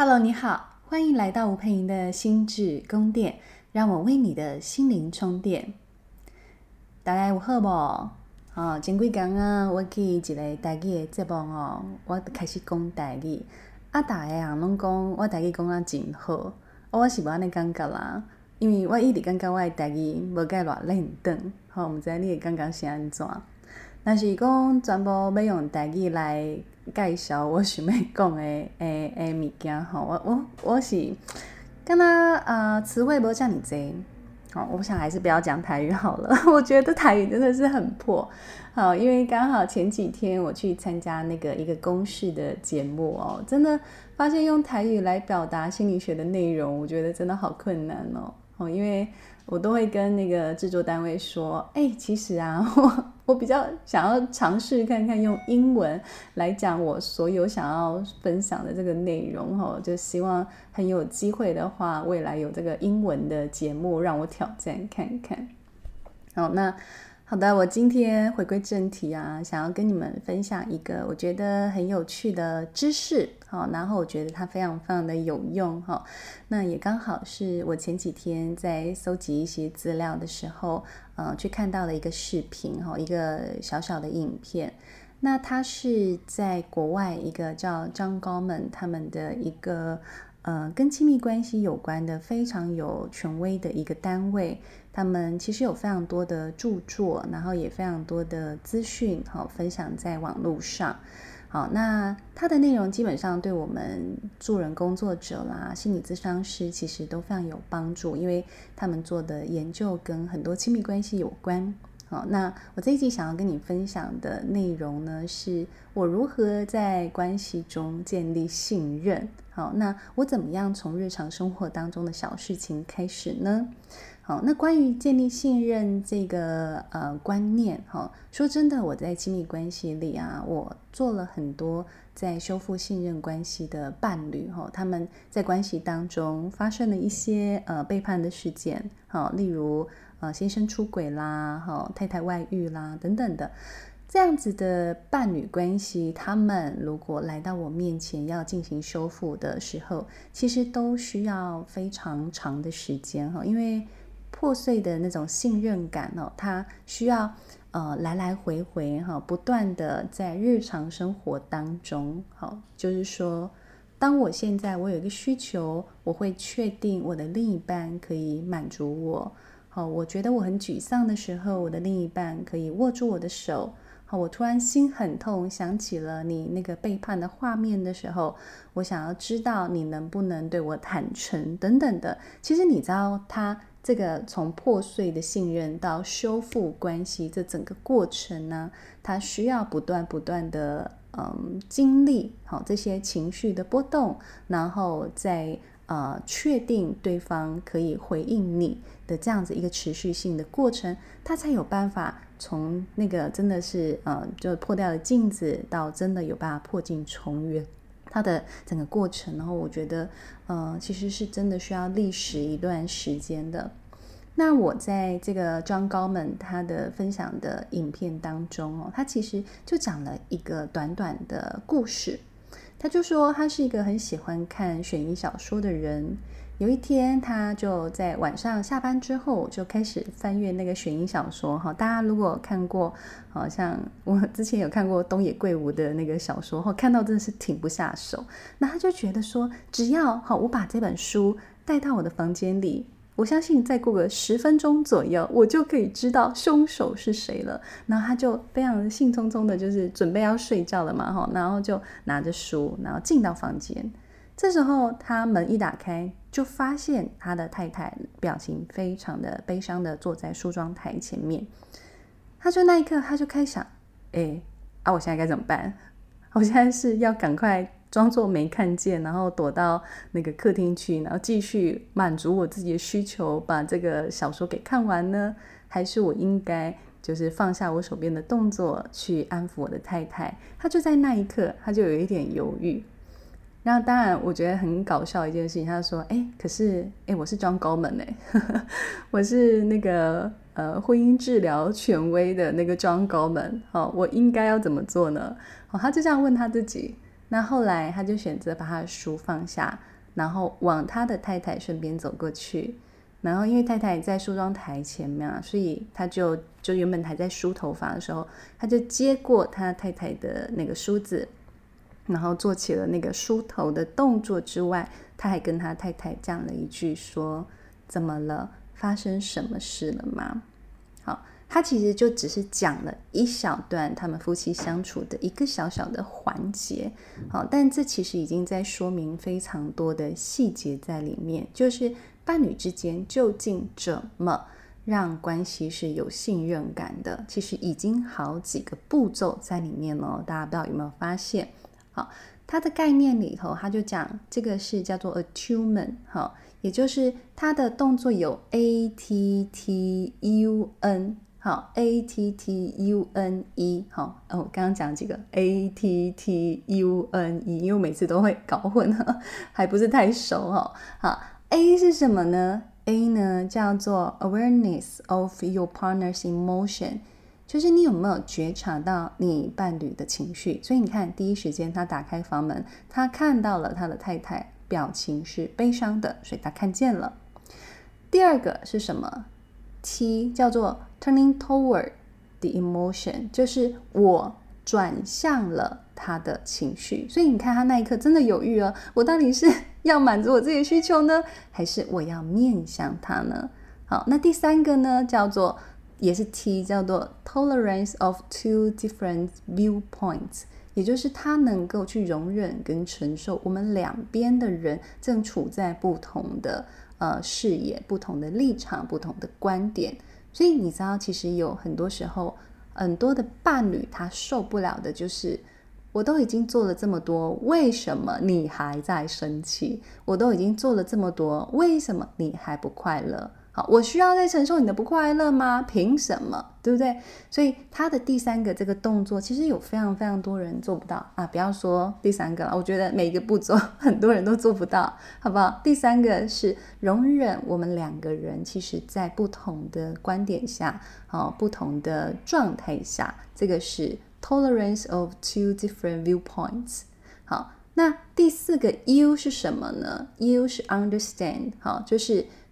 Hello，你好，歡迎來到吳姵瑩的心智宮殿，讓我為你的心靈充電。大家有好無？哦，前幾工啊，我去一個台語個節目哦，我開始講台語，啊，逐個人攏講我台語講啊真好，我、哦、我是無安尼感覺啦，因為我一直感覺我誒，台語無解偌冷動，吼，毋知你會感覺是安怎？若是講全部要用台語來，介紹我想要講的誒誒物件吼，我我我是，剛那啊詞彙沒這麼多，好、哦，我想還是不要講台語好了， 我覺得台語真的是很破，好、哦，因為剛好前幾天我去參加那個一個公視的節目哦，真的發現用台語來表達心理學的內容，我覺得真的好困難哦，哦，因為。我都會跟那個製作單位說，哎、欸，其實啊，我我比較想要嘗試看看用英文來講我所有想要分享的這個內容，哦，就希望很有機會的話，未來有這個英文的節目讓我挑戰看看。好，那。好的，我今天回歸正題啊，想要跟你們分享一個我覺得很有趣的知識，好、哦，然後我覺得它非常非常的有用哈、哦。那也剛好是我前幾天在搜集一些資料的時候，呃，去看到的一個視頻哈、哦，一個小小的影片。那它是在國外一個叫 John Gottman 他們的一個，呃，跟親密關係有關的非常有權威的一個單位。他們其實有非常多的著作，然後也非常多的資訊好分享在網絡上。好，那他的內容基本上對我們助人工作者啦、心理諮商師其實都非常有幫助，因為他們做的研究跟很多親密關係有關。好，那我這一集想要跟你分享的內容呢，是我如何在關係中建立信任。好，那我怎麼樣從日常生活當中的小事情開始呢？好，那關於建立信任這個呃觀念，哈、哦，說真的，我在親密關係裡啊，我做了很多在修復信任關係的伴侶，哈、哦，他們在關係當中發生了一些呃背叛的事件，哈、哦，例如呃先生出軌啦，哈、哦，太太外遇啦等等的，這樣子的伴侶關係，他們如果來到我面前要進行修復的時候，其實都需要非常長的時間，哈、哦，因為。破碎的那種信任感哦，它需要呃來來回回哈、哦，不斷的在日常生活當中，好，就是說，當我現在我有一個需求，我會確定我的另一半可以滿足我。好，我覺得我很沮喪的時候，我的另一半可以握住我的手。好，我突然心很痛，想起了你那個背叛的畫面的時候，我想要知道你能不能對我坦誠等等的。其實你知道他。這個從破碎的信任到修復關係，這整個過程呢，它需要不斷不斷的嗯經歷好、哦、這些情緒的波動，然後再呃確定對方可以回應你的這樣子一個持續性的過程，它才有辦法從那個真的是嗯、呃、就破掉了鏡子，到真的有辦法破鏡重圓，它的整個過程，然後我覺得嗯、呃、其實是真的需要歷時一段時間的。那我在這個 John Gottman 他的分享的影片當中哦，他其實就講了一個短短的故事。他就說他是一個很喜歡看懸疑小說的人。有一天，他就在晚上下班之後就開始翻閱那個懸疑小說。哈，大家如果看過，好像我之前有看過東野圭吾的那個小說，哈，看到真的是停不下手。那他就覺得說，只要哈，我把這本書帶到我的房間裡，我相信再過個十分鐘左右，我就可以知道兇手是誰了。然後他就非常興沖沖的，就是準備要睡覺了嘛，哈，然後就拿着書，然後進到房間。這時候他門一打開，就發現他的太太表情非常的悲傷的坐在梳妝台前面。他就那一刻他就開始想，哎，啊，我現在該怎麼辦？我現在是要趕快，裝作沒看見，然後躲到那個客廳去，然後繼續滿足我自己的需求，把這個小說給看完呢，還是我應該就是放下我手邊的動作，去安撫我的太太？他就在那一刻，他就有一點猶豫。然後，當然我覺得很搞笑一件事情，他說：“哎、欸，可是哎、欸，我是 John Gottman 哎， 我是那個呃婚姻治療權威的那個 John Gottman，哦，我應該要怎麼做呢？”哦，他就這樣問他自己。那後來，他就選擇把他的書放下，然後往他的太太身邊走過去。然後，因為太太在梳妝台前面，所以他就就原本還在梳頭髮的時候，他就接過他太太的那個梳子，然後做起了那個梳頭的動作之外，他還跟他太太講了一句說：“怎麼了？發生什麼事了嗎？”好。他其實就只是講了一小段他們夫妻相處的一個小小的環節，好，但這其實已經在說明非常多的細節在裡面。就是伴侶之間究竟怎麼讓關係是有信任感的，其實已經好幾個步驟在裡面了，大家不知道有沒有發現？好，他的概念裡頭，他就講這個是叫做 attunement，哈，也就是他的動作有 a t t u n。好，ATTUNE，好，哦，我剛剛講幾個，ATTUNE，因為我每次都會搞混，呵呵還不是太熟哈、哦。好，A 是什麼呢？A 呢叫做 awareness of your partner's emotion，就是你有沒有覺察到你伴侶的情緒？所以你看，第一時間他打開房門，他看到了他的太太，表情是悲傷的，所以他看見了。第二個是什麼？T 叫做 turning toward the emotion，就是我轉向了他的情緒，所以你看他那一刻真的猶豫了，我到底是要滿足我自己的需求呢，還是我要面向他呢？好，那第三個呢叫做也是 T 叫做 tolerance of two different viewpoints，也就是他能夠去容忍跟承受我們兩邊的人正處在不同的。呃，視野不同的立場，不同的觀點，所以你知道，其實有很多時候，很多的伴侶他受不了的就是，我都已經做了這麼多，為什麼你還在生氣？我都已經做了這麼多，為什麼你還不快樂？我需要再承受你的不快樂嗎？憑什麼？對不對？所以他的第三個這個動作，其實有非常非常多人做不到啊！不要說第三個了，我覺得每一個步驟很多人都做不到，好不好？第三個是容忍我們兩個人其實在不同的觀點下，啊，不同的狀態下，這個是 tolerance of two different viewpoints。好，那第四個 U 是什麼呢？U 是 understand，好，就是。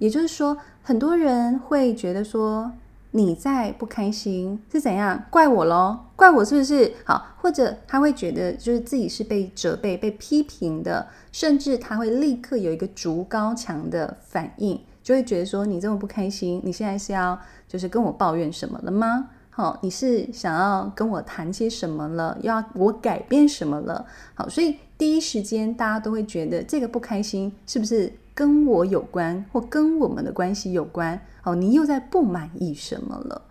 也就是說，很多人會覺得說你在不開心是怎樣？怪我嘍？怪我是不是？好，或者他會覺得就是自己是被責備、被批評的，甚至他會立刻有一個築高牆的反應，就會覺得說你這麼不開心，你現在是要就是跟我抱怨什麼了嗎？好，你是想要跟我談些什麼了？要我改變什麼了？好，所以第一時間大家都會覺得這個不開心是不是？跟我有關，或跟我們的關係有關，哦，你又在不滿意什麼了？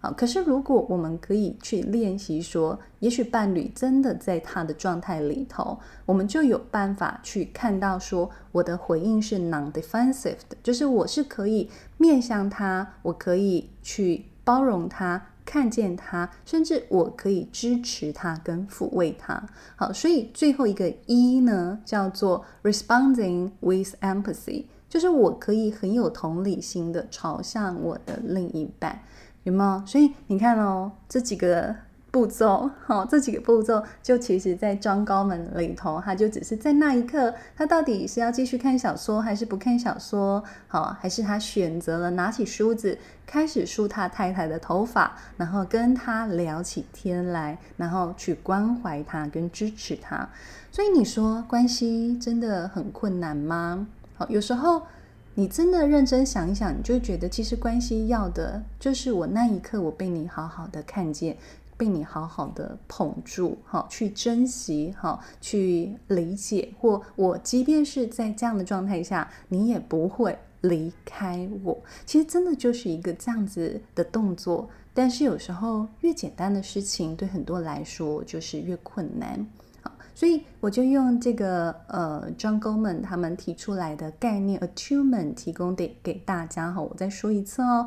啊、哦，可是如果我們可以去練習說，也許伴侶真的在他的狀態裡頭，我們就有辦法去看到說，我的回應是 non-defensive 的，就是我是可以面向他，我可以去包容他。看見他，甚至我可以支持他跟撫慰他。好，所以最後一個一呢，叫做 responding with empathy，就是我可以很有同理心的朝向我的另一半，有沒有？所以你看哦，這幾個。步驟好，這幾個步驟就其實，在 John Gottman 裡頭，他就只是在那一刻，他到底是要繼續看小說，還是不看小說？好，還是他選擇了拿起梳子，開始梳他太太的頭髮，然後跟他聊起天來，然後去關懷他跟支持他。所以你說，關係真的很困難嗎？好，有時候你真的認真想一想，你就覺得其實關係要的就是我那一刻，我被你好好的看見。被你好好的捧住，好去珍惜，好去理解，或我即便是在這樣的狀態下，你也不會離開我。其實真的就是一個這樣子的動作，但是有時候越簡單的事情，對很多人來說就是越困難。好，所以我就用這個呃，Gottman 他們提出來的概念，Attunement 提供給,給大家。好，我再說一次哦。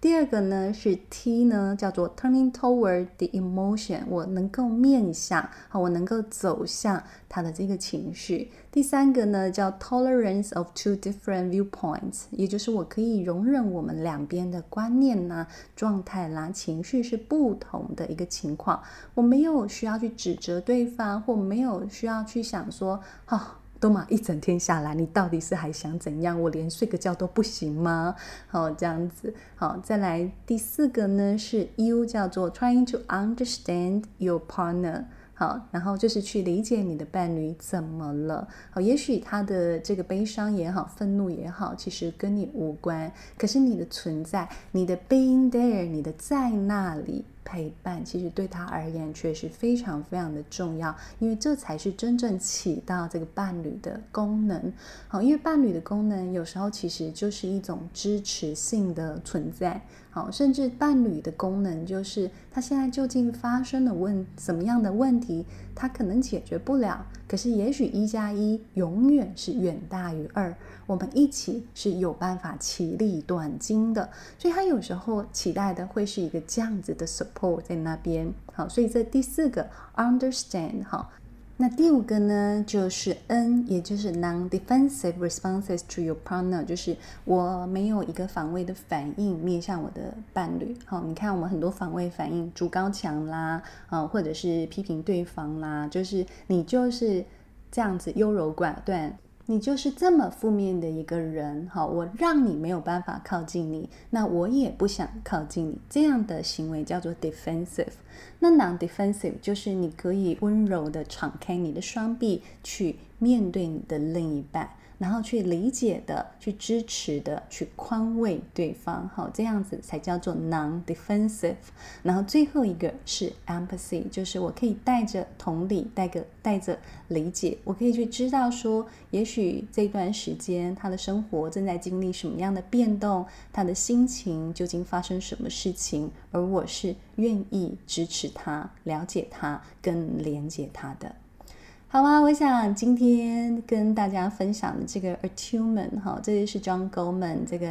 第二個呢是 T 呢，叫做 Turning toward the emotion，我能夠面向，好，我能夠走向他的這個情緒。第三個呢叫 Tolerance of two different viewpoints，也就是我可以容忍我們兩邊的觀念啦、啊、狀態啦、啊、情緒是不同的一個情況，我沒有需要去指責對方，或沒有需要去想說，哦。都嘛一整天下來，你到底是還想怎樣？我連睡個覺都不行嗎？好，這樣子。好，再來，第四個呢，是 U 叫做 trying to understand your partner。好，然後就是去理解你的伴侶怎麼了。好，也許他的這個悲傷也好，憤怒也好，其實跟你無關。可是你的存在，你的 being there，你的在那裡。陪伴其實對他而言確實非常非常的重要，因為這才是真正起到這個伴侶的功能。好，因為伴侶的功能有時候其實就是一種支持性的存在。好，甚至伴侶的功能就是他現在究竟發生了問什麼樣的問題。他可能解決不了，可是也許一加一永遠是遠大於二，我們一起是有辦法其利斷金的，所以他有時候期待的會是一個這樣子的 support 在那邊。好，所以這第四個 understand 哈。那第五個呢，就是 N，也就是 non-defensive responses to your partner，就是我沒有一個防衛的反應面向我的伴侶。好、哦，你看我們很多防衛反應，築高牆啦，啊、哦，或者是批評對方啦，就是你就是這樣子優柔寡斷。你就是這麼負面的一個人，好，我讓你沒有辦法靠近你，那我也不想靠近你，這樣的行為叫做 defensive。那 non-defensive 就是你可以溫柔的敞開你的雙臂去面對你的另一半。然後去理解的，去支持的，去寬慰對方，好，這樣子才叫做 non-defensive。然後最後一個是 empathy，就是我可以帶着同理，帶個帶着理解，我可以去知道說，也許這段時間他的生活正在經歷什麼樣的變動，他的心情究竟發生什麼事情，而我是願意支持他、了解他跟連接他的。好啊，我想今天跟大家分享的這個 Attunement 哈、哦，這就是 John Gottman 這個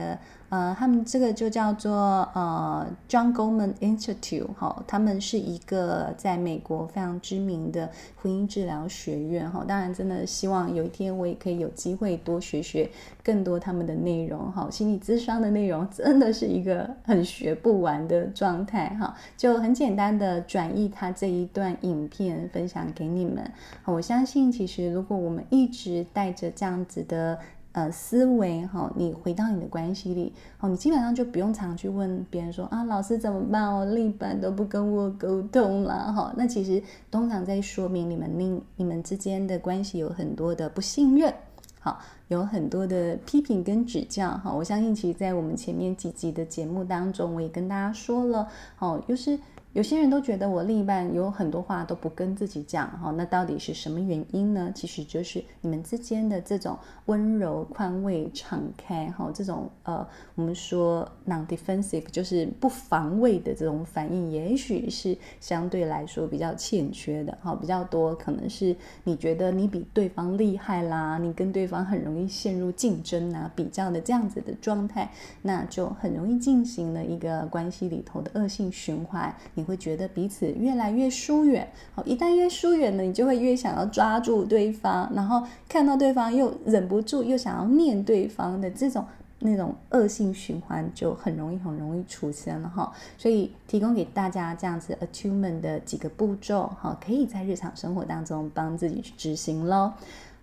呃，他們這個就叫做呃 John Gottman Institute 哈、哦，他們是一個在美國非常知名的婚姻治療學院哈、哦。當然，真的希望有一天我也可以有機會多學學更多他們的內容哈、哦。心理諮商的內容真的是一個很學不完的狀態哈、哦。就很簡單的轉譯他這一段影片，分享給你們，我、哦。相信其實，如果我們一直帶着這樣子的呃思維哈、哦，你回到你的關係裡，哦，你基本上就不用常去問別人說啊，老師怎麼辦哦，另一半都不跟我溝通了哈、哦。那其實通常在說明你們另你，你們之間的關係有很多的不信任，好、哦，有很多的批評跟指教哈、哦。我相信其實，在我們前面幾集的節目當中，我也跟大家說了，哦，就是。有些人都覺得我另一半有很多話都不跟自己講哈，那到底是什麼原因呢？其實就是你們之間的這種溫柔、寬慰、敞開哈，這種呃，我們說 non-defensive 就是不防衛的這種反應，也許是相對來說比較欠缺的哈，比較多可能是你覺得你比對方厲害啦，你跟對方很容易陷入競爭啊、比較的這樣子的狀態，那就很容易進行了一個關係裡頭的惡性循環。你會覺得彼此越來越疏遠，好，一旦越疏遠了，你就會越想要抓住對方，然後看到對方又忍不住又想要念對方的這種那種惡性循環就很容易很容易出現了哈，所以提供給大家這樣子 attune 的幾個步驟哈，可以在日常生活當中幫自己去執行嘍。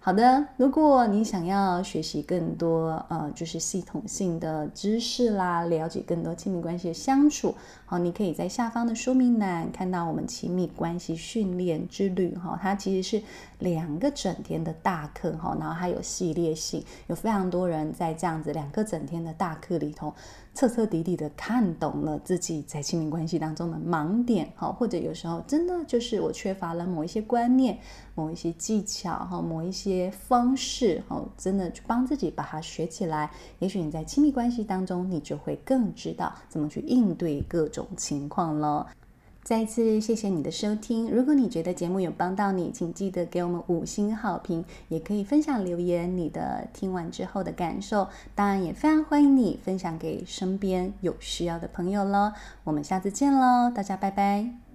好的，如果你想要學習更多呃，就是系統性的知識啦，了解更多親密關係的相處，好、哦，你可以在下方的說明欄看到我們親密關係訓練之旅哈、哦，它其實是兩個整天的大課哈、哦，然後還有系列性，有非常多人在這樣子兩個整天的大課裡頭，徹徹底底的看懂了自己在親密關係當中的盲點哈、哦，或者有時候真的就是我缺乏了某一些觀念，某一些技巧哈、哦，某一些。些方式，哦，真的去幫自己把它學起來，也許你在親密關係當中，你就會更知道怎麼去應對各種情況嘍。再次謝謝你的收聽，如果你覺得節目有幫到你，請記得給我們五星好評，也可以分享留言你的聽完之後的感受。當然，也非常歡迎你分享給身邊有需要的朋友嘍。我們下次見嘍，大家拜拜。